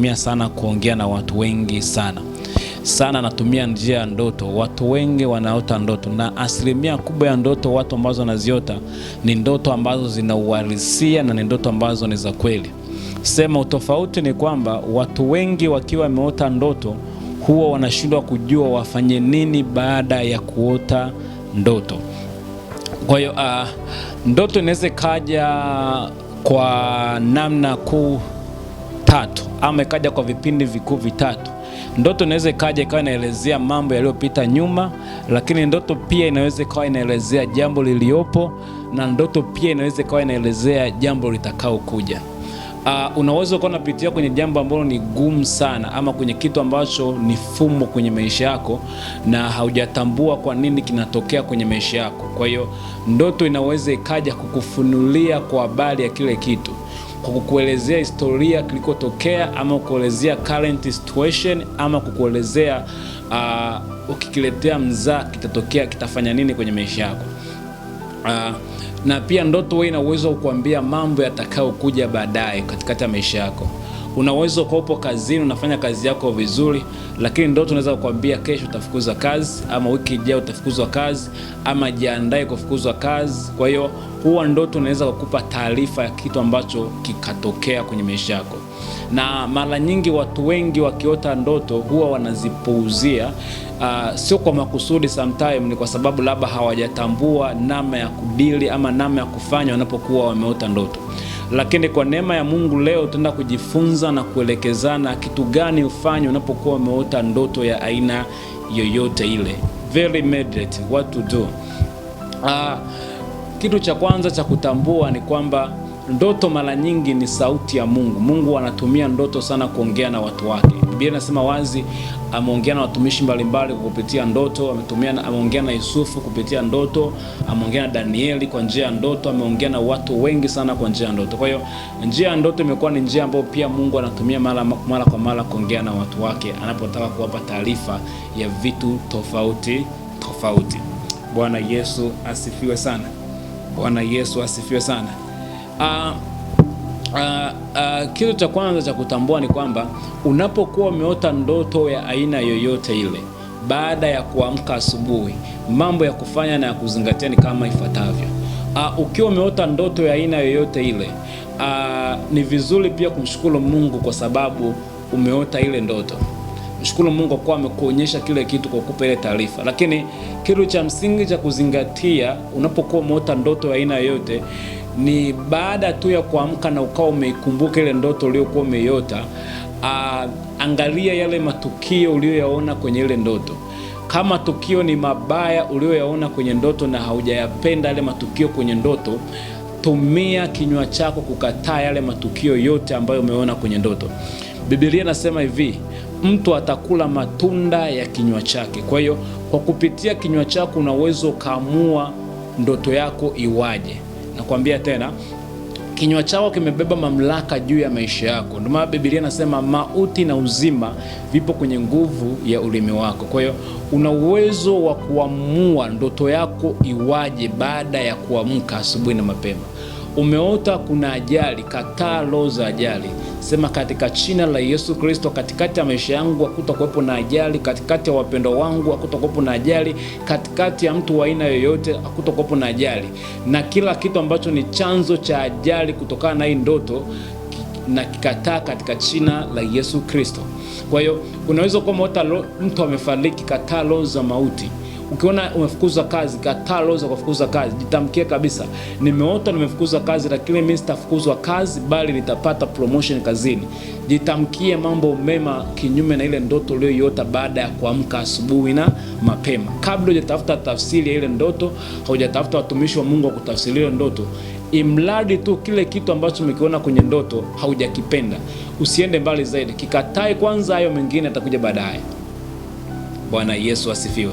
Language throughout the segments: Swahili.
Natumia sana kuongea na watu wengi sana sana, natumia njia ya ndoto. Watu wengi wanaota ndoto, na asilimia kubwa ya ndoto watu ambazo wanaziota ni ndoto ambazo zina uhalisia na ni ndoto ambazo ni za kweli. Sema utofauti ni kwamba watu wengi wakiwa wameota ndoto huwa wanashindwa kujua wafanye nini baada ya kuota ndoto. Kwa hiyo uh, ndoto inaweza ikaja kwa namna kuu vitatu ama ikaja kwa vipindi vikuu vitatu. Ndoto inaweza ikaja ikawa inaelezea mambo yaliyopita nyuma, lakini ndoto pia inaweza ikawa inaelezea jambo liliopo, na ndoto pia inaweza ikawa inaelezea jambo litakaokuja. Uh, unaweza ukawa unapitia kwenye jambo ambalo ni gumu sana ama kwenye kitu ambacho ni fumo kwenye maisha yako na haujatambua kwa nini kinatokea kwenye maisha yako. Kwa hiyo ndoto inaweza ikaja kukufunulia kwa habari ya kile kitu kwa kukuelezea historia kilikotokea, ama kukuelezea current situation, ama kukuelezea uh, ukikiletea mzaa kitatokea kitafanya nini kwenye maisha yako. Uh, na pia ndoto wewe ina uwezo wa kukuambia mambo yatakayokuja baadaye katikati ya maisha yako. Una uwezo kwa upo kazini unafanya kazi yako vizuri, lakini ndoto unaweza kukuambia kesho utafukuza kazi, ama wiki ijayo utafukuzwa kazi, ama jiandae kufukuzwa kazi. Kwa hiyo huwa ndoto inaweza kukupa taarifa ya kitu ambacho kikatokea kwenye maisha yako, na mara nyingi watu wengi wakiota ndoto huwa wanazipuuzia. Uh, sio kwa makusudi, sometime ni kwa sababu labda hawajatambua namna ya kudili ama namna ya kufanya wanapokuwa wameota ndoto. Lakini kwa neema ya Mungu leo tutaenda kujifunza na kuelekezana kitu gani ufanye unapokuwa umeota ndoto ya aina yoyote ile. Very immediate, what to do. Uh, kitu cha kwanza cha kutambua ni kwamba ndoto mara nyingi ni sauti ya Mungu. Mungu anatumia ndoto sana kuongea na watu wake. Biblia inasema wazi, ameongea na watumishi mbalimbali kupitia ndoto, ametumia, ameongea na Yusufu kupitia ndoto, ameongea na Danieli kwa njia ya ndoto, ameongea na watu wengi sana kwa njia ya ndoto. Kwa hiyo njia ya ndoto imekuwa ni njia ambayo pia Mungu anatumia mara mara kwa mara kuongea na watu wake anapotaka kuwapa taarifa ya vitu tofauti tofauti. Bwana Yesu asifiwe sana. Bwana Yesu asifiwe sana. Uh, uh, uh, kitu cha kwanza cha kutambua ni kwamba unapokuwa umeota ndoto ya aina yoyote ile, baada ya kuamka asubuhi, mambo ya kufanya na ya kuzingatia ni kama ifuatavyo. Uh, ukiwa umeota ndoto ya aina yoyote ile, uh, ni vizuri pia kumshukuru Mungu kwa sababu umeota ile ndoto. Mshukuru Mungu kwa amekuonyesha kile kitu kwa kukupa ile taarifa, lakini kitu cha msingi cha kuzingatia unapokuwa umeota ndoto ya aina yoyote ni baada tu ya kuamka na ukawa umeikumbuka ile ndoto uliyokuwa umeiota. Uh, angalia yale matukio uliyoyaona kwenye ile ndoto. Kama tukio ni mabaya uliyoyaona kwenye ndoto na haujayapenda yale matukio kwenye ndoto, tumia kinywa chako kukataa yale matukio yote ambayo umeona kwenye ndoto. Biblia inasema hivi mtu atakula matunda ya kinywa chake. Kwa hiyo kwa kupitia kinywa chako una uwezo ukaamua ndoto yako iwaje. Nakwambia tena, kinywa chako kimebeba mamlaka juu ya maisha yako. Ndio maana Biblia inasema mauti na uzima vipo kwenye nguvu ya ulimi wako. Kwa hiyo una uwezo wa kuamua ndoto yako iwaje baada ya kuamka asubuhi na mapema. Umeota kuna ajali, kataa roho za ajali. Sema katika jina la Yesu Kristo, katikati ya maisha yangu hakutakuwepo na ajali, katikati ya wapendo wangu hakutakuwepo na ajali, katikati ya mtu wa aina yoyote hakutakuwepo na ajali, na kila kitu ambacho ni chanzo cha ajali kutokana na hii ndoto na kikataa katika jina la Yesu Kristo. Kwa hiyo unaweza kuwa umeota mtu amefariki, kataa roho za mauti. Ukiona umefukuzwa kazi, kataa roho za kufukuza kazi. Jitamkie kabisa, nimeota nimefukuzwa kazi, lakini mimi sitafukuzwa kazi, bali nitapata promotion kazini. Jitamkie mambo mema, kinyume na ile ndoto uliyoiota baada ya kuamka asubuhi na mapema. Kabla hujatafuta tafsiri ya ile ndoto, haujatafuta watumishi wa Mungu wa kutafsiri ile ndoto, imradi tu kile kitu ambacho umekiona kwenye ndoto haujakipenda, usiende mbali zaidi. Kikatae kwanza, hayo mengine atakuja baadaye. Bwana Yesu asifiwe.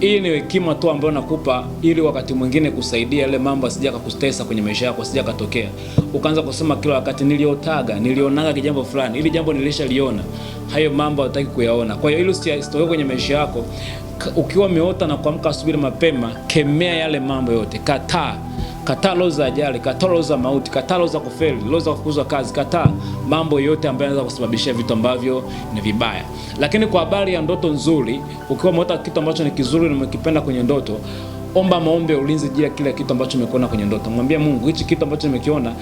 Hii ni hekima tu ambayo nakupa ili wakati mwingine kusaidia yale mambo asija kakutesa kwenye maisha yako, asija katokea ukaanza kusema kila wakati, niliotaga nilionaga kijambo fulani, ili jambo nilishaliona, hayo mambo hataki kuyaona. Kwa hiyo ili usitoke kwenye maisha yako, ukiwa umeota na kuamka asubuhi mapema, kemea yale mambo yote, kataa Kataa roho za ajali, kataa roho za mauti, kataa roho za kufeli, roho za kufukuzwa kazi, kataa mambo yote ambayo yanaweza kusababisha vitu ambavyo ni vibaya. Lakini kwa habari ya ndoto nzuri, ukiwa umeota kitu ambacho ni kizuri na umekipenda kwenye ndoto, omba maombi ya ulinzi juu ya kile kitu ambacho umekiona kwenye ndoto. Mwambie Mungu, hichi kitu ambacho nimekiona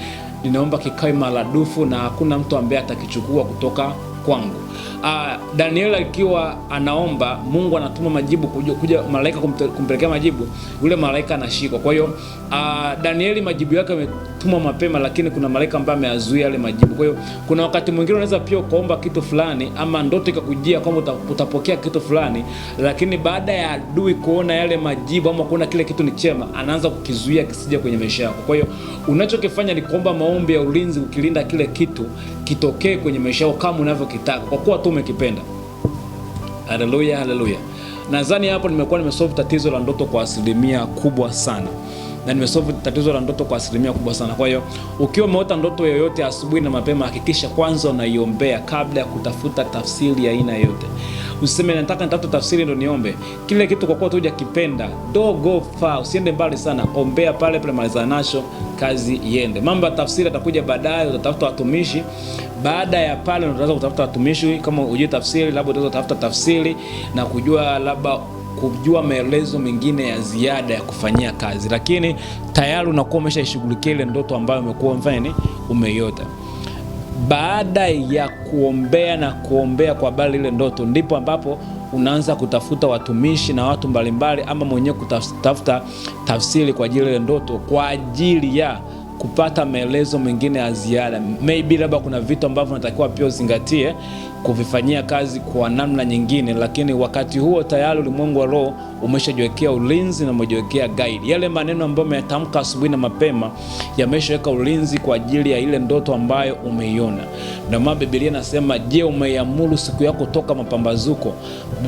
ninaomba kikae maradufu na hakuna mtu ambaye atakichukua kutoka kwangu uh, ah, Danieli akiwa anaomba Mungu anatuma majibu kuja, kuja malaika kumpelekea majibu, yule malaika anashikwa. Kwa hiyo uh, ah, Danieli majibu yake ametuma mapema, lakini kuna malaika ambaye ameyazuia yale majibu. Kwa hiyo kuna wakati mwingine unaweza pia ukaomba kitu fulani ama ndoto ikakujia kwamba utapokea kitu fulani, lakini baada ya adui kuona yale majibu ama kuona kile kitu ni chema, anaanza kukizuia kisija kwenye maisha yako. Kwa hiyo unachokifanya ni kuomba maombi ya ulinzi, ukilinda kile kitu kitokee kwenye maisha yako kama unavyokitaka. kwa kuwa tu umekipenda. Haleluya, haleluya. Nadhani hapo nimekuwa nimesolve tatizo la ndoto kwa asilimia kubwa sana na nimesolve tatizo la ndoto kwa asilimia kubwa sana. Kwa hiyo ukiwa umeota ndoto yoyote asubuhi na mapema, hakikisha kwanza unaiombea kabla ya kutafuta tafsiri ya aina yoyote. Usiseme nataka nitafute tafsiri ndo niombe kile kitu, kwa kuwa tu hujakipenda do go far, usiende mbali sana, ombea pale pale, maliza nacho, kazi iende. Mambo ya tafsiri atakuja baadaye, utatafuta watumishi baada ya pale unaweza kutafuta watumishi kama ujue tafsiri, labda unaweza kutafuta tafsiri na kujua labda kujua maelezo mengine ya ziada ya kufanyia kazi, lakini tayari unakuwa umeshaishughulikia ile ndoto ambayo umekuwa mfanya ni umeiota baada ya kuombea na kuombea kwa habari ile ndoto, ndipo ambapo unaanza kutafuta watumishi na watu mbalimbali, ama mwenyewe kutafuta tafsiri kwa ajili ile ndoto kwa ajili ya kupata maelezo mengine ya ziada. Maybe labda kuna vitu ambavyo unatakiwa pia uzingatie kuvifanyia kazi kwa namna nyingine, lakini wakati huo tayari ulimwengu wa roho umeshajiwekea ulinzi na umejiwekea guide. Yale maneno ambayo umeyatamka asubuhi na mapema yameshaweka ulinzi kwa ajili ya ile ndoto ambayo umeiona. Ndio maana Biblia inasema, je, umeiamuru siku yako toka mapambazuko?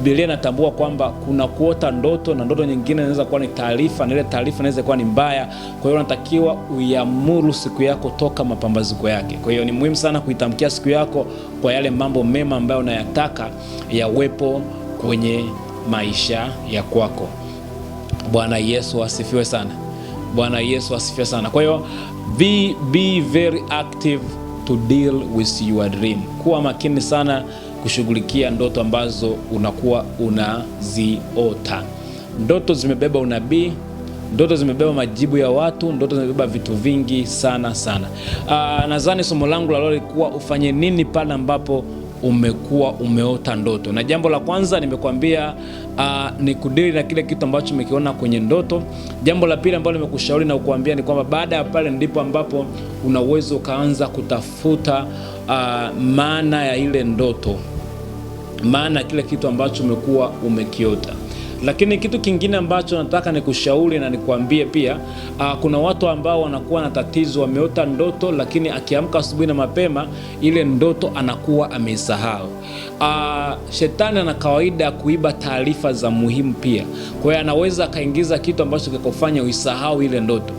Biblia inatambua kwamba kuna kuota ndoto na ndoto nyingine inaweza kuwa ni taarifa, na ile taarifa inaweza kuwa ni mbaya. Kwa hiyo unatakiwa uiamuru siku yako toka mapambazuko yake. Kwa hiyo ni muhimu sana kuitamkia siku yako kwa yale mambo mema mema ambayo unayataka yawepo kwenye maisha ya kwako. Bwana Yesu asifiwe sana. Bwana Yesu asifiwe sana. Kwa hiyo be, be very active to deal with your dream. Kuwa makini sana kushughulikia ndoto ambazo unakuwa unaziota. Ndoto zimebeba unabii, ndoto zimebeba majibu ya watu, ndoto zimebeba vitu vingi sana sana. Ah, nadhani somo langu la leo lilikuwa ufanye nini pale ambapo umekuwa umeota ndoto. Na jambo la kwanza nimekuambia, uh, ah, ni kudili na kile kitu ambacho umekiona kwenye ndoto. Jambo la pili ambalo nimekushauri na kukuambia ni kwamba baada ya pale ndipo ambapo una uwezo ukaanza kutafuta uh, maana ya ile ndoto, maana ya kile kitu ambacho umekuwa umekiota. Lakini kitu kingine ambacho nataka nikushauri na nikuambie pia uh, kuna watu ambao wanakuwa na tatizo, wameota ndoto lakini akiamka asubuhi na mapema ile ndoto anakuwa ameisahau. Uh, ah, shetani ana kawaida ya kuiba taarifa za muhimu pia, kwa hiyo anaweza akaingiza kitu ambacho kikufanya uisahau ile ndoto,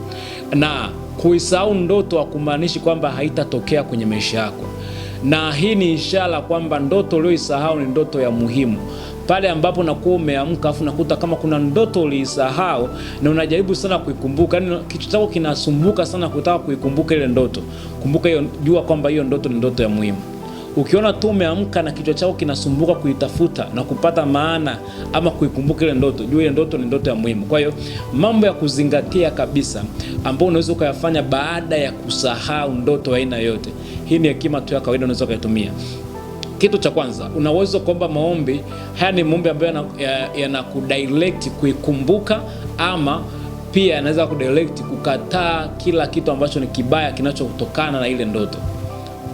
na kuisahau ndoto hakumaanishi kwamba haitatokea kwenye maisha yako, na hii ni ishara kwamba ndoto ulioisahau ni ndoto ya muhimu pale ambapo nakuwa umeamka afu nakuta kama kuna ndoto uliisahau na unajaribu sana kuikumbuka, yani kichwa chako kinasumbuka sana kutaka kuikumbuka ile ndoto. Kumbuka hiyo, jua kwamba hiyo ndoto ni ndoto ya muhimu. Ukiona tu umeamka na kichwa chako kinasumbuka kuitafuta na kupata maana ama kuikumbuka ile ndoto, jua ile ndoto ni ndoto ya muhimu. Kwa hiyo mambo ya kuzingatia kabisa ambayo unaweza ukayafanya baada ya kusahau ndoto aina yoyote, hii ni hekima tu ya kawaida unaweza ukaitumia. Kitu cha kwanza unaweza kuomba maombi haya, ni maombi ambayo yanakudirect ya, ya kuikumbuka ama pia yanaweza kudirect kukataa kila kitu ambacho ni kibaya kinachotokana na ile ndoto.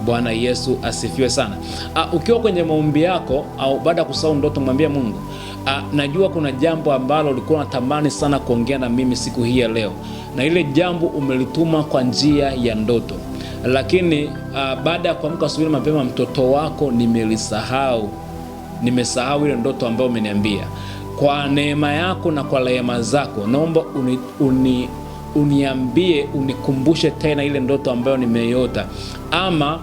Bwana Yesu asifiwe sana. A, ah, ukiwa kwenye maombi yako au baada ya kusahau ndoto, mwambie Mungu, A, ah, najua kuna jambo ambalo ulikuwa unatamani sana kuongea na mimi siku hii ya leo, na ile jambo umelituma kwa njia ya ndoto lakini uh, baada ya kuamka asubuhi mapema, mtoto wako nimelisahau, nimesahau ile ndoto ambayo umeniambia. Kwa neema yako na kwa rehema zako, naomba uni, uni uniambie unikumbushe tena ile ndoto ambayo nimeiota, ama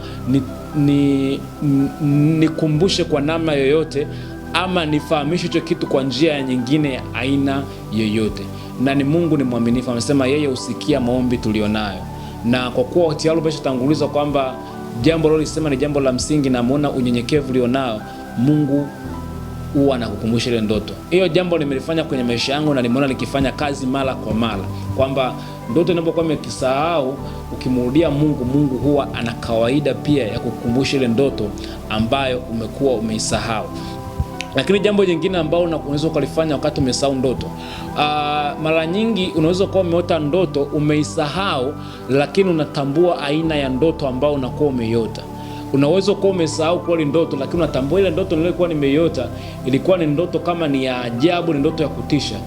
nikumbushe ni, ni kwa namna yoyote, ama nifahamishe hicho kitu kwa njia nyingine ya aina yoyote. Na ni Mungu ni mwaminifu, amesema yeye husikia maombi tulionayo na kwa kuwa tayari umeshatanguliza kwamba jambo lilolisema ni jambo la msingi, na muona unyenyekevu ulionao, Mungu huwa anakukumbusha ile ndoto. Hiyo jambo nimelifanya kwenye maisha yangu na nimeona likifanya kazi mara kwa mara, kwamba ndoto inapokuwa imekisahau, ukimrudia Mungu, Mungu huwa ana kawaida pia ya kukumbusha ile ndoto ambayo umekuwa umeisahau. Lakini jambo jingine ambalo unaweza ukalifanya wakati umesahau ndoto, uh, mara nyingi unaweza kuwa umeota ndoto umeisahau, lakini unatambua aina ya ndoto ambayo unakuwa umeota Unaweza kuwa umesahau kweli ndoto, lakini unatambua ile ndoto nilikuwa nimeiota ilikuwa ni ndoto kama ni ya ajabu, ni ndoto ya kutisha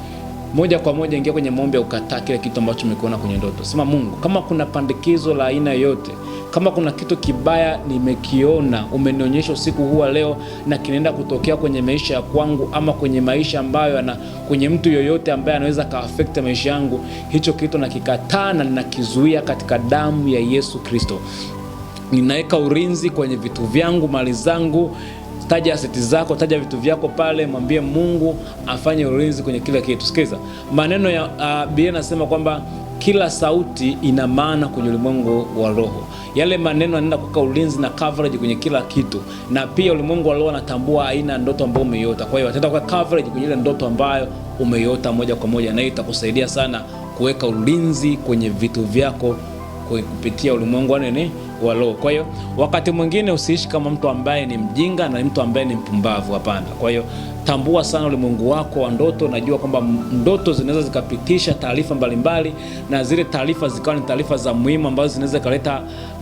moja kwa moja ingia kwenye maombi ya ukataa kile kitu ambacho umekiona kwenye ndoto. Sema, Mungu, kama kuna pandikizo la aina yoyote, kama kuna kitu kibaya nimekiona, umenionyesha usiku huu wa leo, na kinaenda kutokea kwenye maisha ya kwangu ama kwenye maisha ambayo na kwenye mtu yoyote ambaye anaweza kaaffect maisha yangu, hicho kitu nakikataa na ninakizuia katika damu ya Yesu Kristo. Ninaweka ulinzi kwenye vitu vyangu, mali zangu taja aseti zako, taja vitu vyako pale, mwambie Mungu afanye ulinzi kwenye kila kitu. Sikiza maneno ya uh, Biblia nasema kwamba kila sauti ina maana kwenye ulimwengu wa roho. Yale maneno yanaenda kuweka ulinzi na coverage kwenye kila kitu, na pia ulimwengu wa roho anatambua aina ya ndoto ambayo umeiota. Kwa hiyo ataenda kuweka coverage kwenye ile ndoto ambayo umeiota moja kwa moja, na itakusaidia sana kuweka ulinzi kwenye vitu vyako kupitia ulimwengu wa nini wa roho. Kwa hiyo wakati mwingine usiishi kama mtu ambaye ni mjinga na mtu ambaye ni mpumbavu, hapana. Kwa hiyo tambua sana ulimwengu wako wa ndoto. Najua kwamba ndoto zinaweza zikapitisha taarifa mbalimbali, na zile taarifa zikawa ni taarifa za muhimu ambazo zinaweza kaleta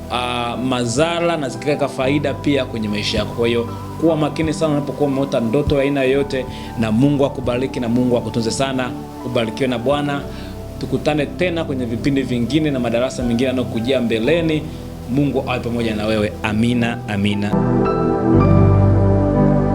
uh, ah, madhara na zikaweka faida pia kwenye maisha yako. Kwa hiyo kuwa makini sana unapokuwa umeota ndoto ya aina yoyote, na Mungu akubariki na Mungu akutunze sana. Ubarikiwe na Bwana. Tukutane tena kwenye vipindi vingine na madarasa mengine yanayokujia mbeleni. Mungu awe pamoja na wewe. Amina, amina.